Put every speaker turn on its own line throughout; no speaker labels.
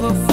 for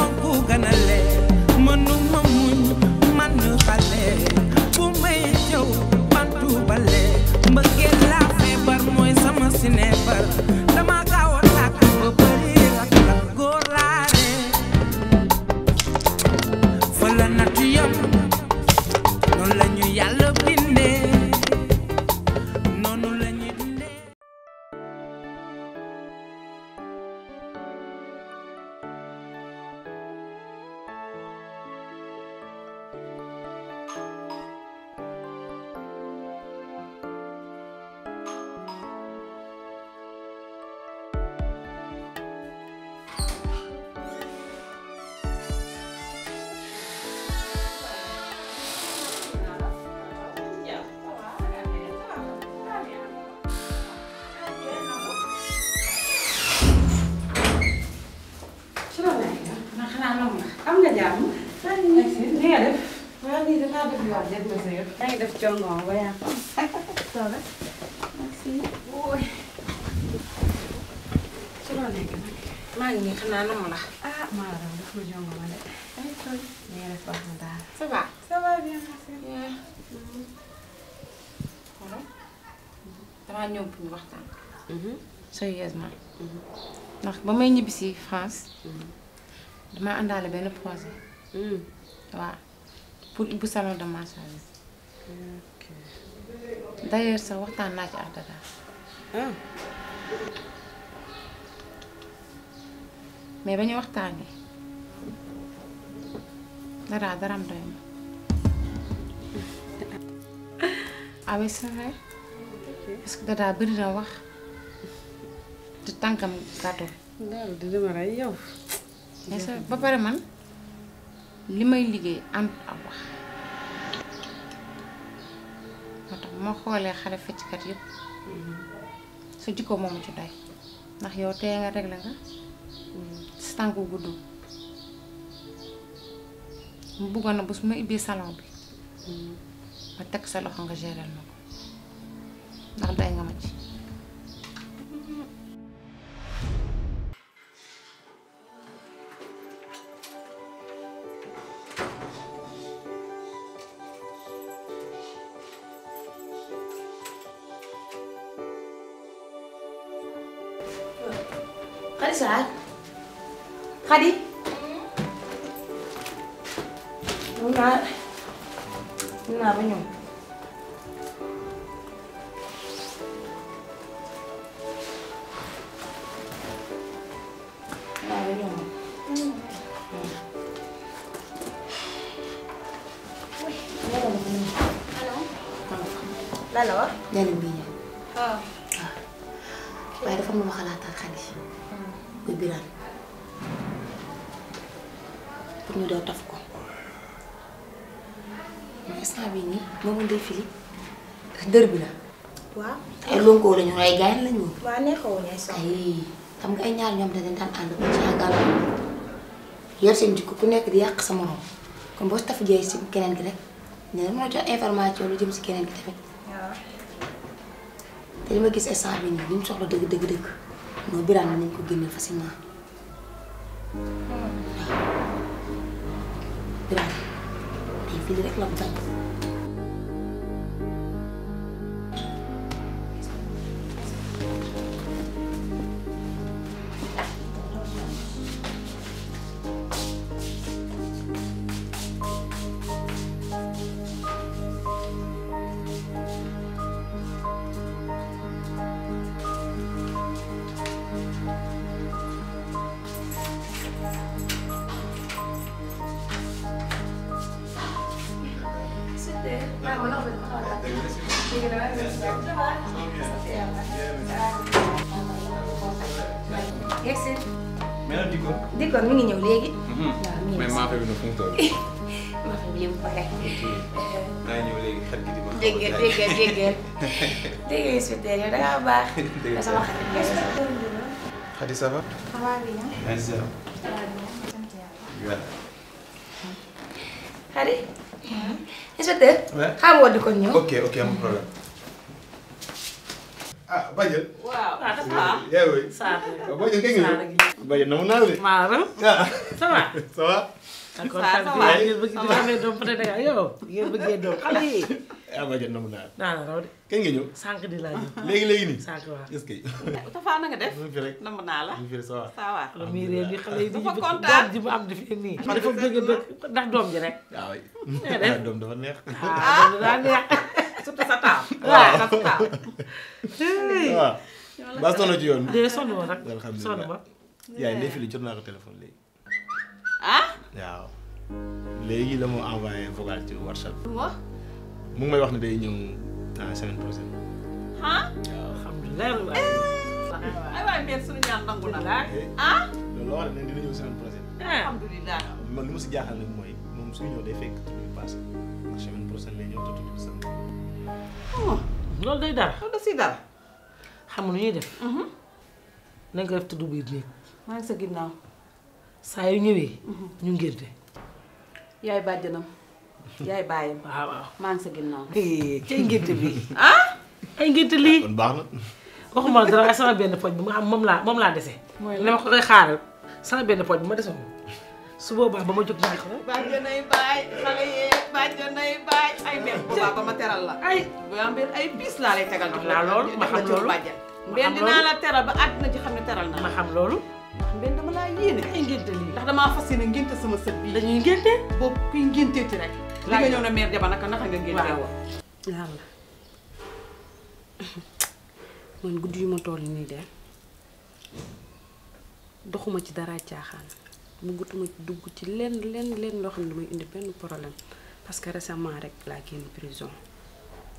naa def yoon def nga sa yëf. maa ngi def coono waaye. merci. ci loo nekk nag. maa ngi nii xanaa namu la. ah maa la def ma jongo ma de. ay tool ñu ngi def baax na daal. ça va. ça va bien merci.
xoolal damaa ñëw pour ñu waxtaan. sérieusement. ndax ba may ñibbisi France. dama àndaale benn projet. waaw. pour ibu salon de massage bi. d'ailleurs sa waxtaan na ci ak dara. ah. mais bañu ñu waxtaanee dara daram doy ma. ah oui c'est vrai parce que dara bëri na wax te tankam gàttu. daal di dama rey yow.
Ya, ba pare
man. li may liggéey ànd ak wax moo tax moo xoolee xale fecckat yépp sa jikko moomu ci doy ndax yow teye nga rek la nga si tànku gudd mu bëggoon na bu su ma ubbee salon bi ma teg sa loxo nga géral ma ko ndax day nga ma ci Khadi.
Na na ba yau. Lalo? Yan ang biya. Oo. Oh. Ah. Pero kung makalatang ka hmm. niya, bibilan ñu do taf ko mais instant bii nii moom Ndeye Philippe deur bi la. waaw ay eh, lon ko lañu ray gaañ lañu wa waaw neexoon ay sax. ay xam nga ay ñaar ñom da dañ and ko ci agal yor seen jikko ku nekk di yàq sa morom kon bo taf jey ci keneen gi rek ne mo jox information lu jëm ci keneen gi tamit. waaw te li ma gis instant bii nii li mu soxla deug deug deug mooy biran nañ ko génneel facilement. thì gelecek lontong yegg si. mais
nag dikkoon. dikkoon mi ngi
ñëw léegi. waaw
mi ngi mais maa fekk di ma. dégg nga dégg nga
dégg nga dégg
nga sama xarit nga Khady ça va.
ça va bien. merci. ça va bien. sant yàlla. Khady. inspecteur.
waaw ah Badiane. wow waaw dafa waaw. yaa ngi saa Badiane namu naa la de. maa la. ça va. ça va. d'accord ngeen bëgg di amee doom peut-être da yow ngeen bëggee doom xale yi. ah Badiane namu naa la. naa la raw de. kañ nga ñëw. sànq di laa ñëw. léegi léegi nii. sànq waaw est-ce que. Tafa na nga def. fi rek namu naa la. fi rek ça va. ça
va. loolu muy réer yi xale yi dafa kontaan
doom ji mu am dafay nii. dafa bëgg a bëgg ndax doom ji rek. waaw doom dafa neex. ah doom sa taal. waaw sa taal. waaw. yoon dee sonn woon rek yaay ndey fi li ko téléphone léegi. ah. waaw léegi la moo envoyé vocal ci WhatsApp. waaw. wax ne day ñëw ah semaine prochaine.
Ah? na eh, ah?
dina ñëw semaine prochaine. Eh, alhamdulilah. ma si jaaxal nag mooy moom suy ñëw day fekk tuuti ñëw loolu day dara loolu da siy dara. xam nu ñuy def. Mm-hmm. nañ ko def tudd biir néeg.
maa ngi sa ginnaaw.
saa yu ñëwee. Mm-hmm. ñu ngénte.
yaay bàjjanam yaay bàyyam. waaw waaw maa ngi sa ginnaaw.
cay ngénte bi ah.
ay ngénte lii kon baax na. waxuma
dara sama benn poñ bi nga xam moom laa moom laa dese. mooy la ma ko koy xaaral sama benn poj bi ma desoon. su boobaa ba di jóg bàyyi ko.
bàyyi ko nay bàyyi xale yee bàyyi ay mel bu ba ma teral la. ay waa mbir ay piis laa lay tegal. xam naa loolu ma xam loolu mbeen dinaa ba àddina ci xam ne teral na ma xam loolu. ndax mbeen dama ay ngénte lii. ndax damaa fas yéene ngénte sama sët bii. dañuy rek. na man yu de ci dara bëggatuma dugg ci lenn lenn lenn loo xam ne damay indi benn problème parce que récemment rek laa génn prison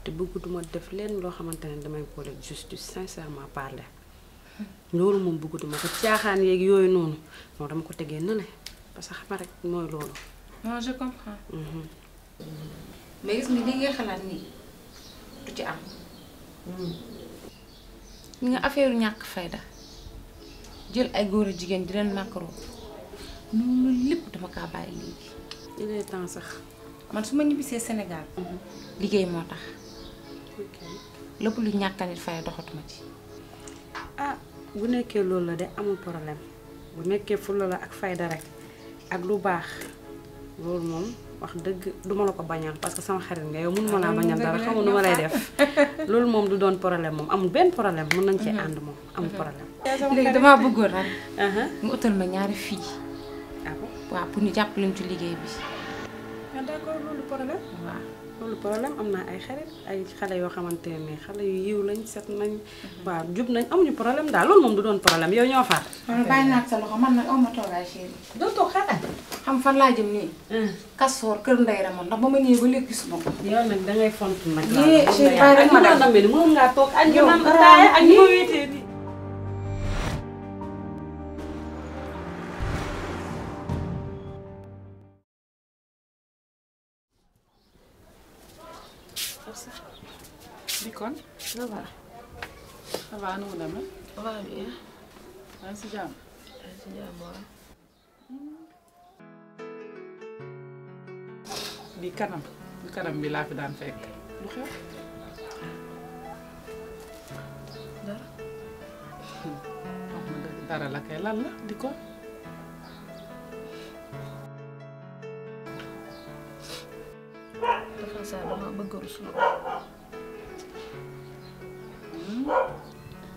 te buggutuma def lenn loo xamante ne damay boole justice sincèrement parler loolu moom bëggatuma ko caaxaan yéeg yooyu noonu moo dama ko tegee na ne parce que xam rek mooy loolu.
non je mhm. gis nga li xalaat nii du ci am. Mhm. nga affaire ñàkk fayda jël ay góor a jigéen di leen màkkaroo. noonu lépp dama kaa bàyyi léegi. ñu sax. man su ma ñibbisee Sénégal.
liggéey moo tax. lépp lu
ñàkkalit fay doxatuma ci.
ah bu nekkee loolu la de amul problème bu nekkee fulla la ak fayda rek ak lu baax loolu moom wax dëgg duma la ko bañal parce que sama xarit nga yow mënuma laa ah, bañal dara xamu nu ma lay def loolu moom du doon problème moom amul benn problème mun nañ cee mhm. ànd moom amul mhm. problème. léegi damaa bëggoon rek. mu uh-huh. utal ma
ñaari fii. ah bon waaw pour ñu jàpp lañ ci liggéey bi.
ah d'accord loolu problème. waaw loolu problème am naa ay xarit ay xale yoo xamante ne xale yu yiw lañ set nañ. Mhm. waaw jub nañ amuñu problème daal loolu moom du doon problème yow ñoo faat. man ah, bàyyi
sa loxo man nag aw ma toogaay chéri. doo toog a xam fan laa jëm nii. Ah. kasoor kër Ndeye Ramone ndax ba ma ñëwee ba léegi gisuma ko.
dangay font nag. lii eh, chéri bàyyi rek ma daal mën ngaa toog ak yow. ak yow
Haba. Haba nuna ma? Haba biya. An apa? jam. An su jam wa.
Bi kanam, bi kanam bi laa fi daan fekk. Lu xew?
Dara. Dara la kay lan la
di ko?
Dafa saa dama bëgg ruslu.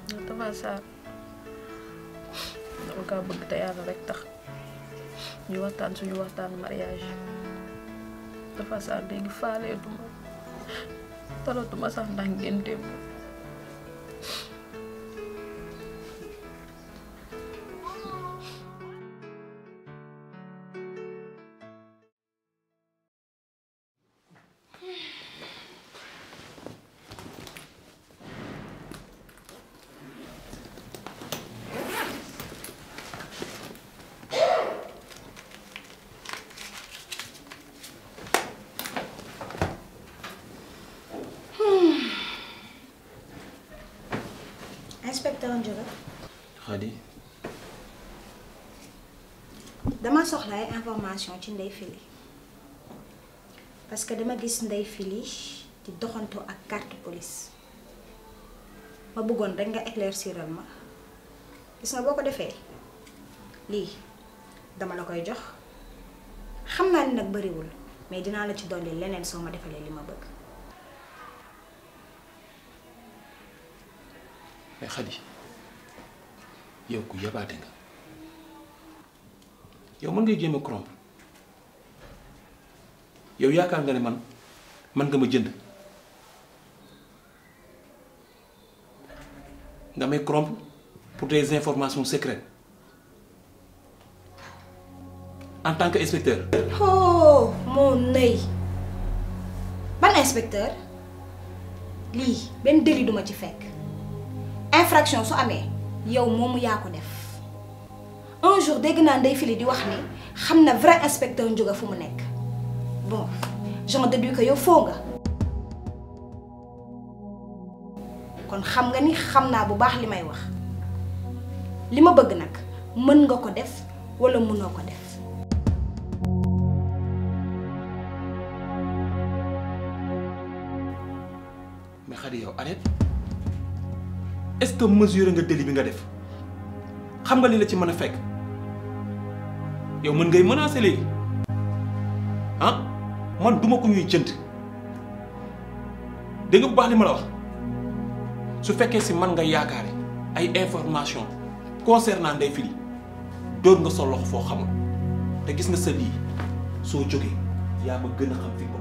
Tafa Sarr dama kaa bëgg te yàlla rek tax ñu waxtaan suñu waxtaan mariage Tafa Sarr léegi faaleetuma talatuma sax ndax ngénteem
Hadi, jóge. Khady. informasi soxla ay information ci Ndeye Fili parce que dama gis Fili di doxantu ak carte police ma bëggoon rek nga éclairciral ma gis nga boo ko defee lii dama la koy jox xam naa ni nag bariwul mais dinaa la ci ma defalee li ma
yow ya, ku yabaate ya, iya, nga yow mën ngay jéem a yow yaakaar nga ne man man nga ma jënd nga may corrompre pour des informations secrètes en tant que inspecteur.
oh moo nëy ban inspecteur lii benn délit duma ci fekk infraction su amee. yow moomu yaa ko def un jour dégg naa Ndeye Fili di wax ne xam na vrai inspecteur Ndiouga fu mu bon j'en déduis que yow foo nga kon xam nga ni xam naa bu baax li may wax li ma bëgg nag mën nga ko def wala mënoo def
mais Khady yow arrête est-ce que mesuré nga délit bi nga def xam nga li la ci mën a fekk yow mën ngay menacer léegi ah man duma ko ñuy jënd dégg bu baax li ma la wax su fekkee si man nga yaakaare ay information concernant Ndeye Fili dóor nga sa loxo foo xamul te gis nga sa lii soo jógee yaa ma gën a xam fi ko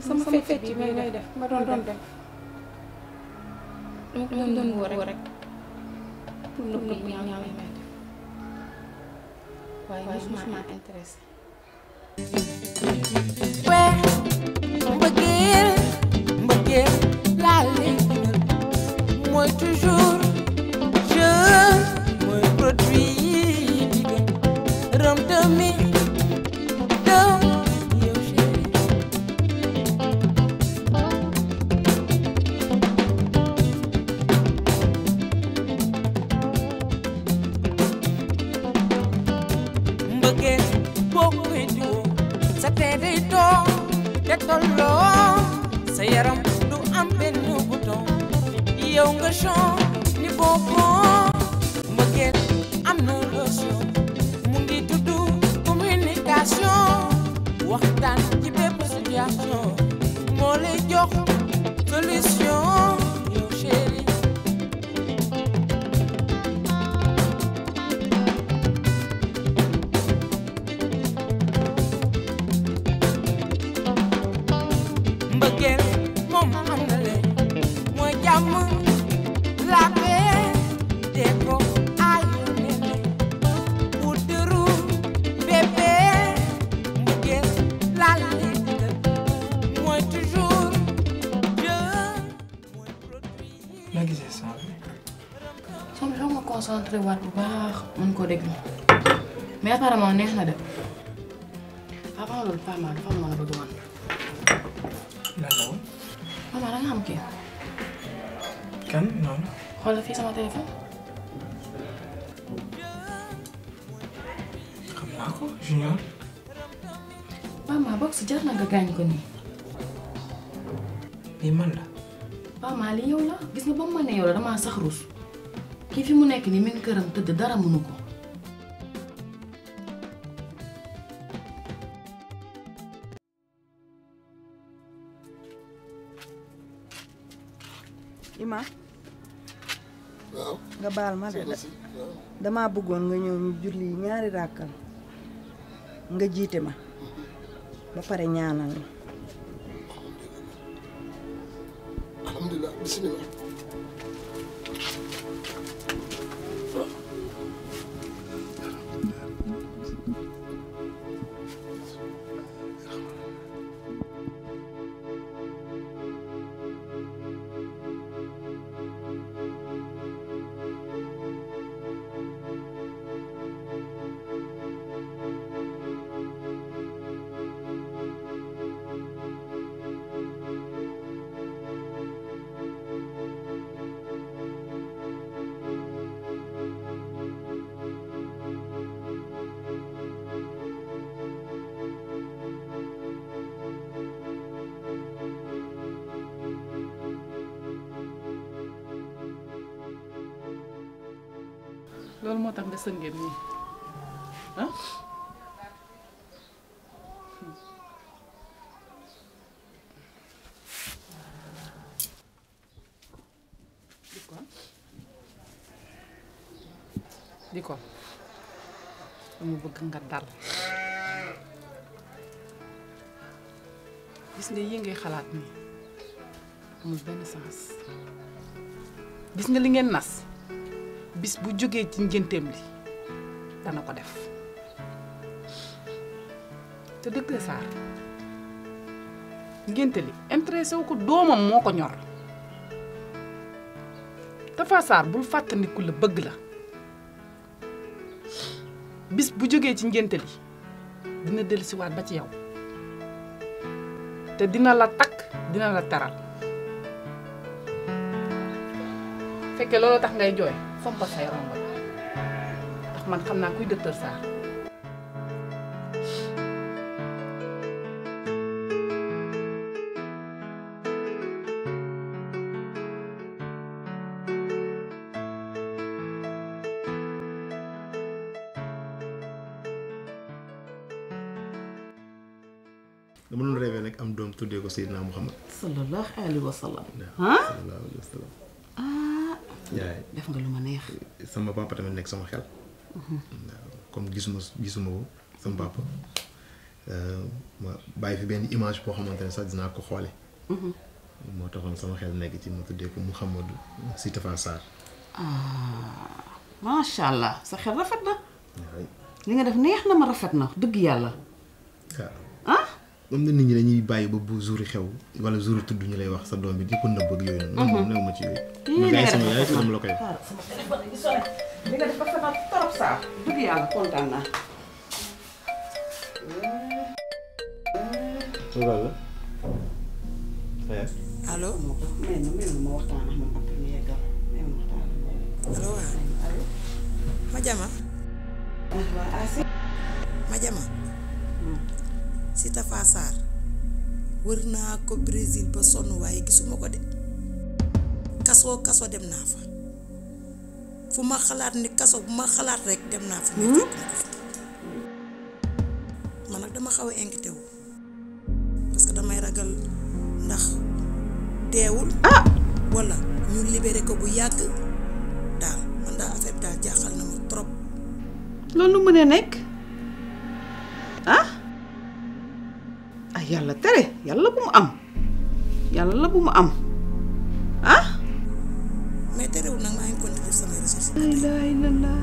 sama fecc bi non def ma doon doon def
donc doon
rek pour
Mais je may def waaye je intéressé je moi toujours
waat bu baax mën koo déglu na de
avant loolu Pama dafa amoon la bëgg wan.
lan la woon. Pama naa ko Junior. nii. mais man la.
Pama li yow la gis nga ba mu ma ne yow la damaa sax ruus. ki fi mu nekk ni min këram tëdd dara mënu ko
Ima nga baal ma de dama bëggoon nga ñëw ñu julli ñaari ràkkal nga jiite ma ba pare ñaanal
alhamdulillah bismillah loolu mo tax nga gini. nii ah di ko dama bëgg nga dal gis nga yi ngay xalaat nii amul benn sens gis nga li ngeen nas bis bu jógee ci njënteem li dana ko def te dëgg Sarr ngénte li intéressé wu ko doomam moo ko ñor Tafa Sarr bul fàttandiku la bëgg la bis bu jógee ci ngénte li dina dellusiwaat ba ci yow te dina la takk dina la taral fekke loolu tax ngay jooy fomp say romb ndax man xam naa am doom tuddee ko Seydina Mouhamad.
sallallahu alayhi
wa yaay def nga lu ma neex. sama papa tamit nekk sama xel. Mhm. comme gisuma gisuma ko sama papa euh, ma bàyyi fi benn image boo xamante ne sax dinaa ko xoole mhm. moo taxoon sama xel nekk ci ma tuddee ko Mouhamadou si Tafa Sarr.
Ah, macha allah sa xel rafet na. li nga def neex na ma rafet na dëgg yàlla.
moom na nit ñi dañuy bàyyi ba bu jour xew wala jour tudd ñu lay wax sa doom bi di ko nëbb ak yooyu noonu. moom ma ci yooyu. yaay
si Tafa Sarr wër naa ko Brésil ba sonn waaye gisuma ko de kasoo kasoo dem naa fa fu ma xalaat ni kasoo bu ma xalaat rek dem naa fa. mais hmm? fekk man nag dama xaw a inquiété wu parce que damay ragal ndax teewul. ah wala ñu libéré ko bu yàgg daal man daa affaire daal jaaxal na mu trop. loolu lu mën nekk. yàlla tere yàlla bu mu am yàlla bu mu am ah. mais terewul nag maa ngi continuer sama recherche. laa ilaaha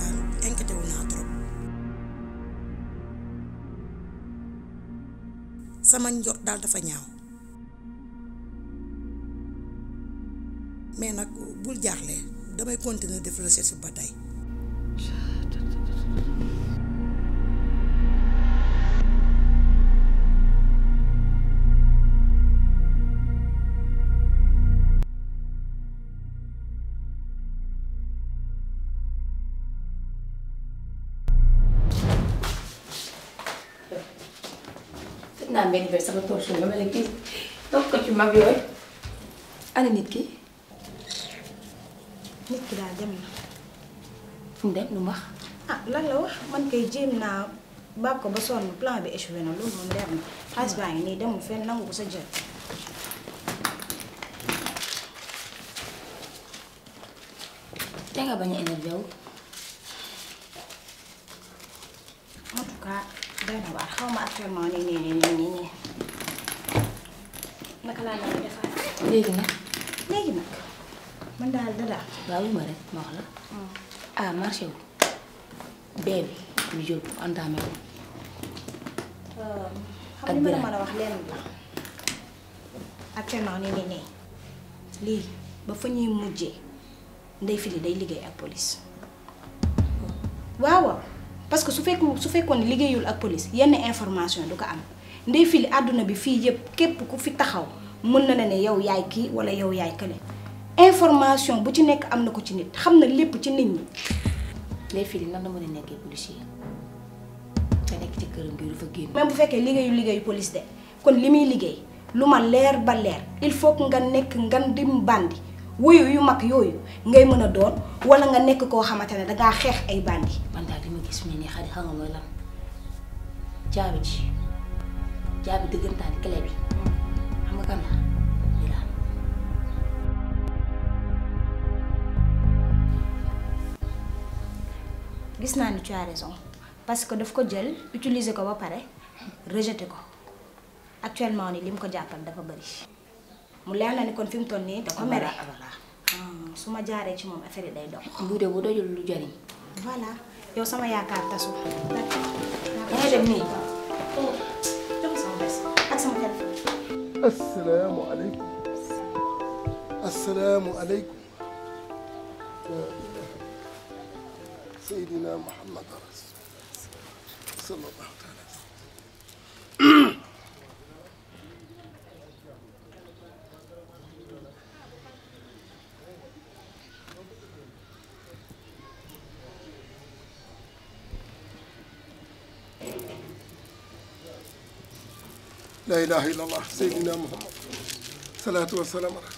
daal sama njot daal dafa ñaaw. mais nag bul jaaxle damay continuer def recherche ba tey.
naa benn benn sama torsion nga mel ni kii toog ko ci mag yooyu. ana nit ki. nit ki daal dem na. fu mu dem lu mu wax. ah lan la wax man kay jéem naa baab ko ba sonn plan bi échoué na loolu moom leer na xaalis baa ngi nii demul fenn nangu ko sa jël. te nga bañ a xaw ma actuellement nii nii nii nii nii naka laa leen defaat. léegi nag. léegi nag man daal dada. waaw ma rek ma wax la. ah marché wu. bee bi ñu xam nga mën a wax leen lii ba fa ñuy mujjee ndey fili day liggéey ak police. waaw waaw. parce que su fekku su fekkoon liggéeyul ak police yenn information du ko am ndey fili àdduna bi fii yëpp képp ku fi taxaw mën na la ne yow yaay kii wala yow yaay kële information bu ci nekk am na ko ci nit xam na lépp ci nit ñi. ndey fili nan la mën a nekkee policier nga nekk ci këram bi dafa génn. même bu fekkee liggéeyu liggéeyu police de kon li muy liggéey lu ma leer ba leer il faut que nga nekk ngan dim bandi wuyu yu mag yooyu ngay mën a doon wala nga nekk koo xamante ne dangaa xeex ay bandi. gis ñu ni xadi xam nga naa ni tu parce que daf ko jël utiliser ko ba pare rejeté ko actuellement ni lim ko jàppal dafa bëri mu leer na hmm, su ma jaaree ci moom affaire yi day dox. bu dee bu dojul lu jariñ voilà. يو سما يا كارتا سو
السلام عليكم السلام عليكم سيدنا محمد رسول الله صلى الله عليه وسلم la ilaha illa seydina muhammad salaatu wasalaam ala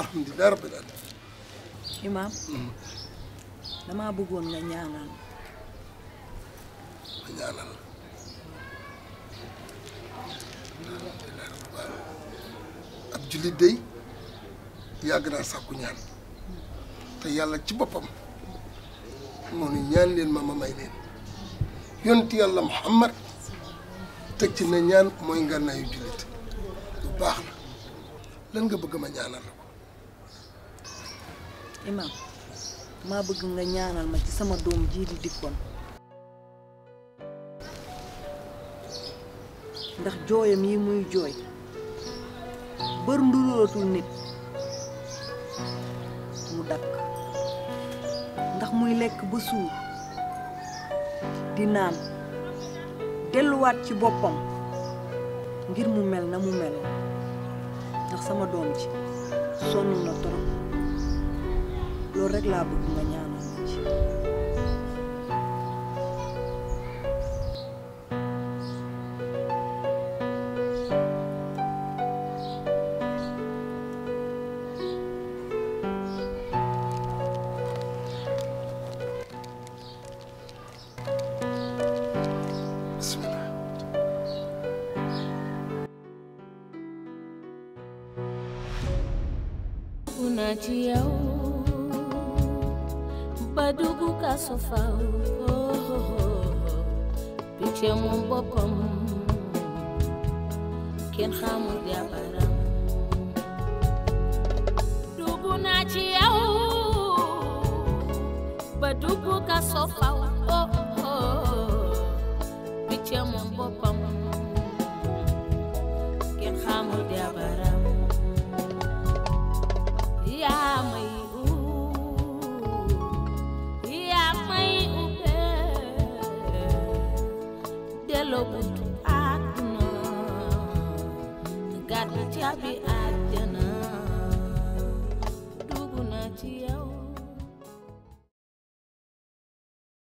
alhamdulilah rabbil alamin
imaam hmm. damaa bëggoon nga ñaanal
ma ñaanal ab jullit day yàgg naa sàkku ñaan te yàlla ci boppam moo ni ñaan leen ma ma may leen yonti yàlla muhammad tek ci ne ñaan nga nay julit lu baax la lan nga bëgg ma ñaanal
imam ma bëgg nga ñaanal ma ci sama doom ji di dikkon ndax joyam yi muy joy bër ndurootul nit mu dakk ndax muy lekk ba suur di naan delluwaat ci boppam ngir mu mel na mu mel ndax sama doom ji sonn na trop loolu rek laa bëgg
maji yao badugu ka sofa oh, moom oh, oh. boppam kenn xamul yabaram
dugg naa ci yow badugu ka sofa picce moom boppam